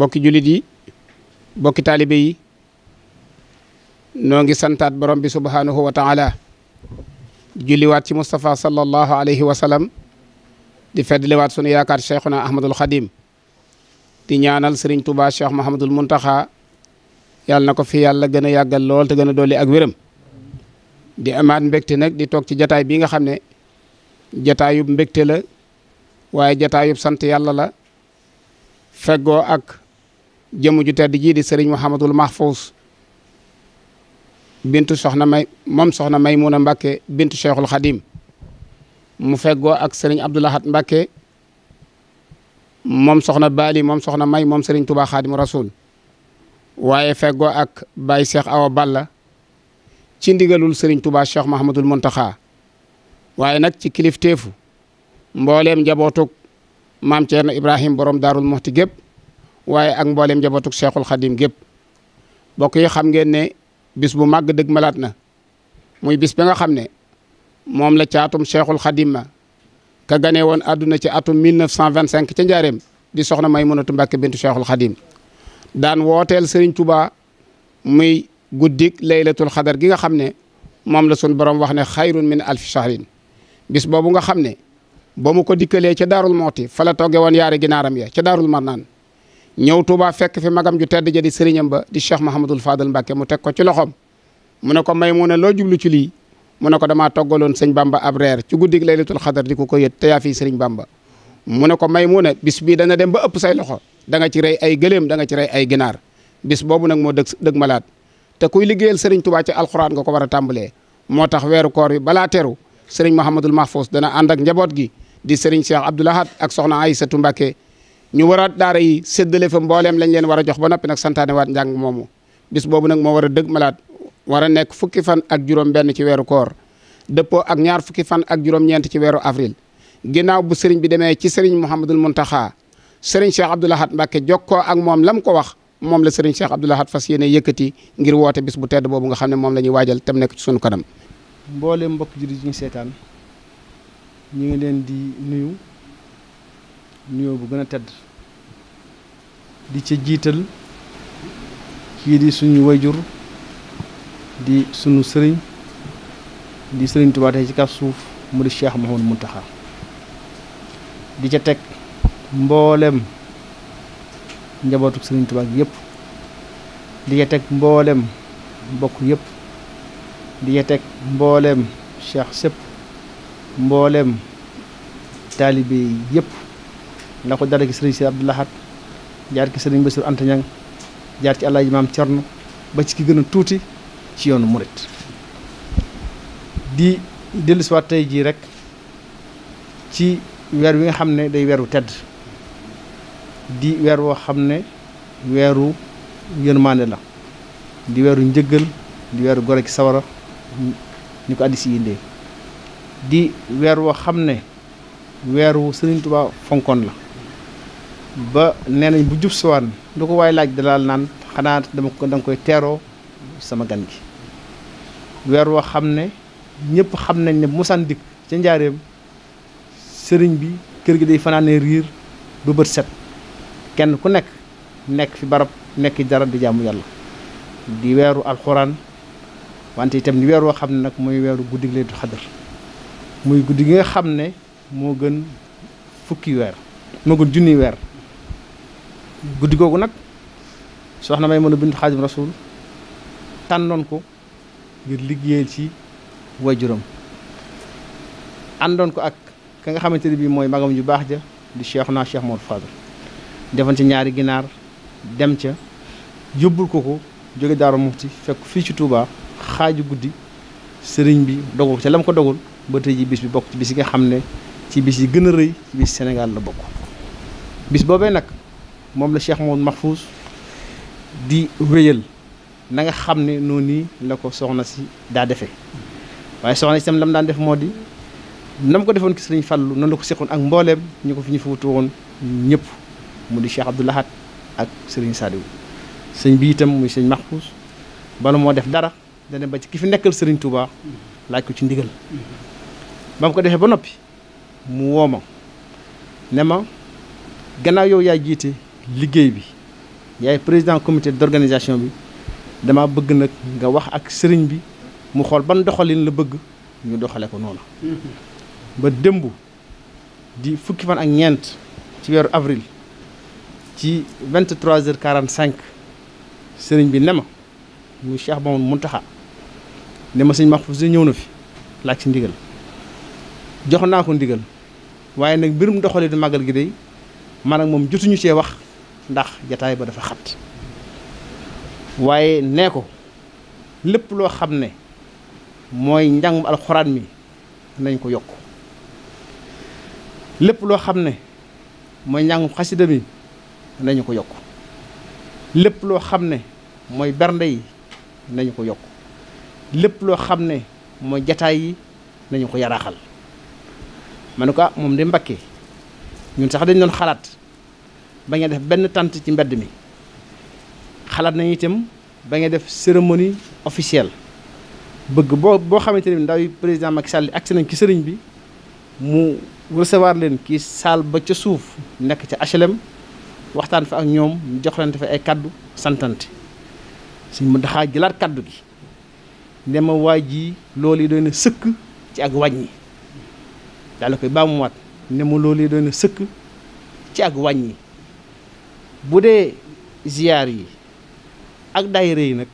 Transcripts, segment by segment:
bokki jullit yi bokki taalibe yi noo ngi santaat borom bi subhaanahu wa taala julliwaat ci Moustapha sallallahu alayhi wa sallam di feddliwaat sunu yaakaar cheikhuna Ahmadul Xadim di ñaanal Serigne Touba Cheikh Mahamadul Muntaxa yàlla na ko fi yàlla gën a yàggal lool te gën a dolli ak wéram di amaat mbégte nag di toog ci jataay bii nga xam ne jataayub mbégte la waaye jataayub sant yàlla la feggoo ak jëmm ju di jii di sëriñ Mouhamadul Mahfous bintu soxna may moom soxna Maymuna Mbàkke bintu Cheikhul Xadim mu feggoo ak sëriñ Abdou Lahad Mbàkke moom soxna Baali moom soxna May moom sëriñ Tuubaa Xaadimu Rasuul waaye feggoo ak Baay Cheikh Awa Balla ci ndigalul sëriñ Tuubaa Cheikh Mahamadul Muntaxa waaye nag ci kilifteefu mbooleem njabootug maam Ceerno Ibrahim borom daarul moxti gépp waaye ak mboolem njabootug Cheikhul Khadim gépp bokk yi xam ngeen ne bis bu màgg dëgg malaat na muy bis bi nga xam ne moom la caatum Cheikhul Khadim ma ka ganee woon àdduna ci atum 1925 ca njaareem di soxna Maymunatu Mbàkke bint Cheikhul Khadim daan wooteel Serigne Touba muy guddik laylatul xadar gi nga xam ne moom la sun borom wax ne xayrun min alfi shahrin bis boobu nga xam ne ba mu ko dikkalee ca daarul mooti fa la togge woon yaari ginaaram ya ca daarul marnaan ñëw Touba fekk fi magam ju tedd ja di sëriñam ba di Cheikh Mahamadul Fadal Mbacke mu teg ko ci loxoom mu ne ko may mu ne loo jublu ci lii mu ne ko damaa toggaloon sëñ Bamba ab reer ci guddig laylatul xadar di ko ko yët te yaa fii sëriñ Bamba mu ne ko may mu ne bis bii dana dem ba ëpp say loxo da nga ci rey ay gëléem danga ci rey ay ginaar bis boobu nag moo dëg dëg malaat te kuy liggéeyal sëriñ Touba ci alxuraan nga ko war a tàmbalee moo tax weeru koor bi balaa teru sëriñ Mahamadul Mahfous dana ànd ak njaboot gi di sëriñ Cheikh Abdoul Ahad ak soxna Aïssatou Mbacke ñu waraat daara yi séddale fa mbooleem lañ leen war a jox ba noppi nag santaane waat njàng moomu bis boobu nag moo war a dëgg malaat war a nekk fukki fan ak juróom benn ci weeru koor dëppoo ak ñaar fukki fan ak juróom-ñeent ci weeru avril ginnaaw bu sëriñ bi demee ci sëriñ Mouhamadul Mountakha sëriñ Cheikh Abdoul Ahad Mbacké jokkoo ak moom lam ko wax moom la sëriñ Cheikh Abdoul Ahad fas yéene yëkkati ngir woote bis bu tedd boobu nga xam ne moom la ñuy waajal tam nekk ci sunu mbokk ji di ñu seetaan ñu ngi leen di nuyu. nuyoo bu gën a tedd di ca jiital kii di suñu wayjur di suñu sëriñ di sëriñ Tuubaa tey ci kaw suuf mu di Cheikh mu taxa di ca teg mboolem njabootu sëriñ Tuubaa yépp di ca teg mboolem mbokk yépp di ca teg mboolem cheikh sëpp mboolem taalibe yépp la ko dale ki sëriñ si Abdou Lahad jaar ci sëriñ Bassirou Anta Niang jaar ci Alaaji Maam Cerno ba ci ki gën a tuuti ci yoonu murit di dellusiwaat tey jii rek ci weer wi nga xam ne day weeru tedd di weer woo xam ne weeru yërmande la di weeru njëggal di weeru gore ci sawara ñu ko addis yindee di weer woo xam ne weeru Sëriñ Tuubaa fonkoon la ba nee nañ bu jub siwaan lu ko waay laaj dalaal naan xanaa dama ko danga koy teeroo sama gan gi weer woo xam ne ñëpp xam nañ ne musaan dikk ca njaareem sëriñ bi kër gi day fanaanee riir ba bët set kenn ku nekk nekk fi barab nekk dara di jàmm yàlla di weeru alxuraan wante itam di weer woo xam ne nag mooy weeru guddi gi Laylatul Qadr muy guddi gi nga xam ne moo gën fukki weer moo gën junni weer guddi googu nag soxna may mën a bintu xaadim rasul tànnoon ko ngir liggéeyal ci waajuram àndoon ko ak ka nga xamante ne bii mooy magam ju baax ja di cheikh naa cheikh Modou Fadal defoon ci ñaari ginaar dem ca yóbbul ko ko jóge Daaru ci fekk fii ci Touba xaaju guddi sëriñ bi dogul ca lam ko dogul ba tey ji bis bi bokk ci bis yi nga xam ne ci bis yi gën a rëy ci bis la bokk bis boobee nag. moom la Cheikh Mouhamed Mahfouz di wéyal nanga xam ne noonu la ko soxna si daa defee waaye soxna si tam lam daan def moo di nam ko defoon ki sëriñ Fallu noonu la ko seqoon ak mbooleem ñu ko fi ñu fi wutu woon ñëpp mu di Cheikh Abdou laxaat ak sëriñ Saliou sëñ bi itam muy sëñ Mahfouz bala moo def dara dana ba ci ki fi nekkal sëriñ Touba laaj ko ci ndigal ba mu ko defee ba noppi mu woo ma ne ma gannaaw yow yaay jiite liggéey bi yaay président comité d'organisation bi dama bëgg nag nga wax ak sëriñ bi mu xool ban doxalin la bëgg ñu doxale ko noonu mm-hmm. ba démb di fukki fan ak ñeent ci weeru avril ci 23 heures 45 sëriñ bi ne ma muy Cheikh Mamadou Mountakha ne ma sëñ Mahfouz ñëw na fi laaj ci ndigal jox naa ko ndigal waaye nag mbirum doxalinu màggal gi day man ak moom jotuñu see wax ndax jataay ba dafa xat waaye nee ko lépp loo xam ne mooy njàngum alxuraan mi nañ ko yokk lépp loo xam ne mooy njàngum mi nañu ko yokk lépp loo xam ne mooy bernde yi nañu ko yokk lépp loo xam ne mooy jataay yi nañu ko yaraaxal ma ne ko ah moom de Mbakke ñun sax dañ doon xalaat ba nga def benn tànt ci mbedd mi xalaat nañu itam ba nga def cérémonie officielle bëgg boo boo xamante ne ndaw yi président Macky Sall agsi nañ ci sëriñ bi mu recevoir leen kii saal ba ca suuf nekk ca HLM waxtaan fa ak ñoom mu jox leen fa ay kàddu santante suñ mu daxaa jëlaat kaddu gi ne ma waa ji loolu yi doon na sëkk ci ak wàññi daal la koy baamuwaat ne ma loolu yi doon na sëkk ci ak yi bu dee ziyaar yi ak daayira yi nag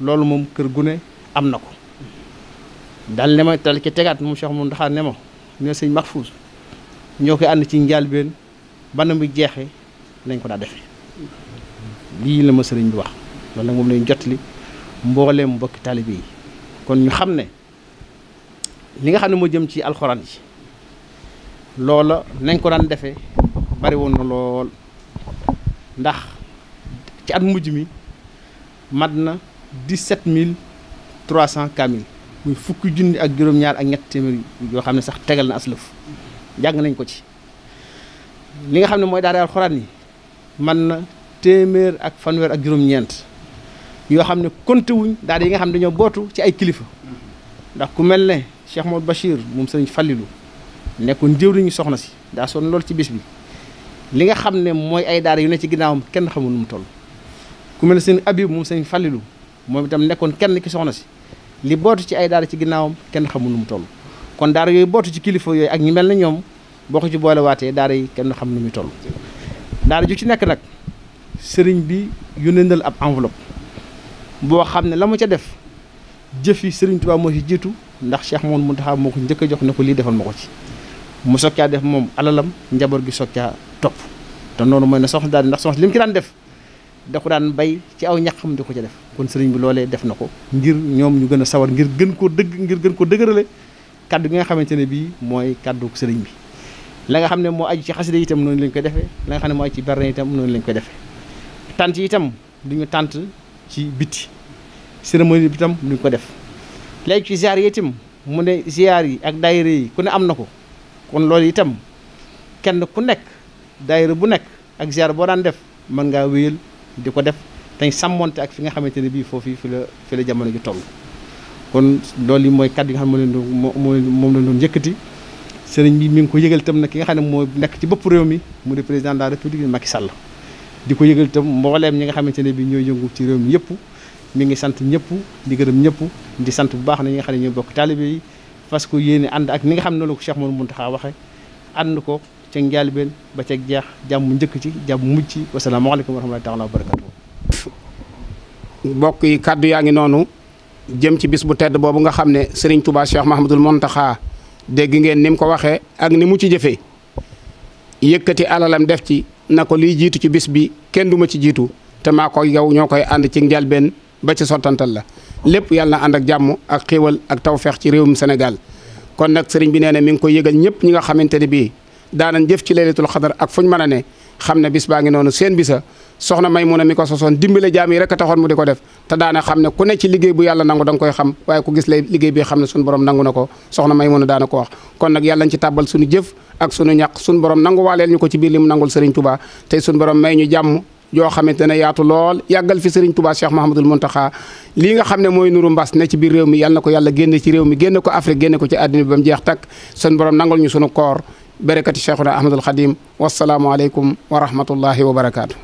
loolu moom kër gu ne am na ko dal ne ma tal ki tegaat mu Cheikh moom ndaxaar ne ma ñoo sëñ Mahfouz ñoo koy ànd ci ba na mu jeexe nañ ko daa defee lii la ma sëriñ bi wax loolu moom lañ jot li mbooleem mbokki taalibe yi kon ñu xam ne li nga xam ne moo jëm ci alxuraan yi loola nañ ko daan defee bari woon na lool ndax ci at mujj mi mat na dix-sept mille trois cent kamil muy fukki junni ak juróom-ñaar ak ñett téeméer yoo xam ne sax tegal na aslëf jàng nañ ko ci li nga xam ne mooy daara alxuraan yi man na téeméer ak fanweer ak juróom-ñeent yoo xam ne konte wuñ daara yi nga xam ne dañoo bootu ci ay kilifa ndax ku mel ne Cheikh Modou Bachir moom sëriñ Fallilou nekkoon jëwriñu soxna si daa sonn lool ci bis bi li nga xam ne mooy ay daara yu ne ci ginnaawam kenn xamul nu mu toll ku mel ne sëñ Abib moom sëñ Fallilou moom itam nekkoon kenn ki soxna si li bootu ci ay daara ci ginnaawam kenn xamul nu mu toll kon daara yooyu bootu ci kilifa yooyu ak ñi mel na ñoom boo ko ci boole waatee daara yi kenn xam nu muy toll daara ju ci nekk nag sëriñ bi yu yónnendal ab enveloppe boo xam ne la mu ca def jëf yi sëriñ Tuubaa moo ci jiitu ndax Cheikh Mouhamadou Mountakha moo ko njëkk jox ne ko lii defal ma ko ci mu soccaa def moom alalam njaboot gi soccaa topp te noonu mooy na soxna daal ndax soxna li mu ci daan def da daan bay ci aw ñax ñaxam di ko ca def kon sëriñ bi loolee def na ko ngir ñoom ñu gën a sawar ngir gën koo dëgg ngir gën koo dëgërale kaddu gi nga xamante ne bii mooy kaddu sëriñ bi la nga xam ne moo aju ci xasida tam noonu lañ ko defee la nga xam ne moo aju ci berne itam noonu lañ ko defee tànt yi tam du ñu tant ci biti cérémonie bi itam duñ ko def léegi ci ziar yi itam mu ne ziar yi ak dayre yi ku ne am na ko kon loolu itam daayira bu nekk ak ziar boo daan def mën ngaa wéyal di ko def tey sàmmonte ak fi nga xamante ne bii foofu fi la fi jamono ji toll kon loolu yi mooy kàddu yi nga xam ne moom la doon yëkkati sëriñ bi mi ngi ko yëgal itam nag ki nga xam ne moo nekk ci bopp réew mi mu di président de la république Macky Sall di ko yëgal tam mbooleem ñi nga xamante ne bii ñoo yëngu ci réew mi yëpp mi ngi sant ñëpp di gërëm ñëpp di sant bu baax na ñu nga xam ne ñooy bokk taalibe yi parce que yéen ànd ak ni nga xam ne noonu la ko Cheikh Mouhamadou Mountakha waxe ànd ko ca njëlbéen ba ca jeex jàmm njëkk ci jàmm mujj ci wasalaamaaleykum wa rahmatullaahi taala wa barakaatu mbokk yi kàddu yaa ngi noonu jëm ci bis bu tedd boobu nga xam ne Serigne Touba Cheikh Mahamadul Montaxa dégg ngeen ni mu ko waxee ak ni mu ci jëfee yëkkati alalam def ci na ko liy jiitu ci bis bi kenn du ma ci jiitu te maa ko yow ñoo koy ànd ci njëlbéen ba ci sottantal la lépp yàlla na ànd ak jàmm ak xéewal ak tawfeex ci réew senegal kon nag sëriñ bi nee na ngi koy yëgal ñëpp ñi nga xamante bii daanañ jëf ci laylatul xadar ak fuñ mën a ne xam ne bis baa ngi noonu seen bisa soxna may mun a mi ko sosoon dimbale jaam yi rek a taxoon mu di ko def te daana xam ne ku ne ci liggéey bu yàlla nangu da nga koy xam waaye ku gis lay liggéey bi xam ne suñu borom nangu na ko soxna may mun a daana ko wax kon nag yàllañ ci tàbbal suñu jëf ak suñu ñàq suñu borom nangu waaleel ñu ko ci biir li mu nangul Serigne Touba tey suñu borom may ñu jàmm yoo xamante ne yaatu lool yàggal fi Serigne Touba Cheikh Mahamadul Muntaxa nga xam ne mooy nuru mbas ne ci biir réew mi yàlla ko yàlla génne ci réew mi génne ko Afrique génne ko ci àddina bi suñu koor barakati cheikhuna ahmadul xadim wasalaamualeykum wa rahmatullahi wa barakaatu.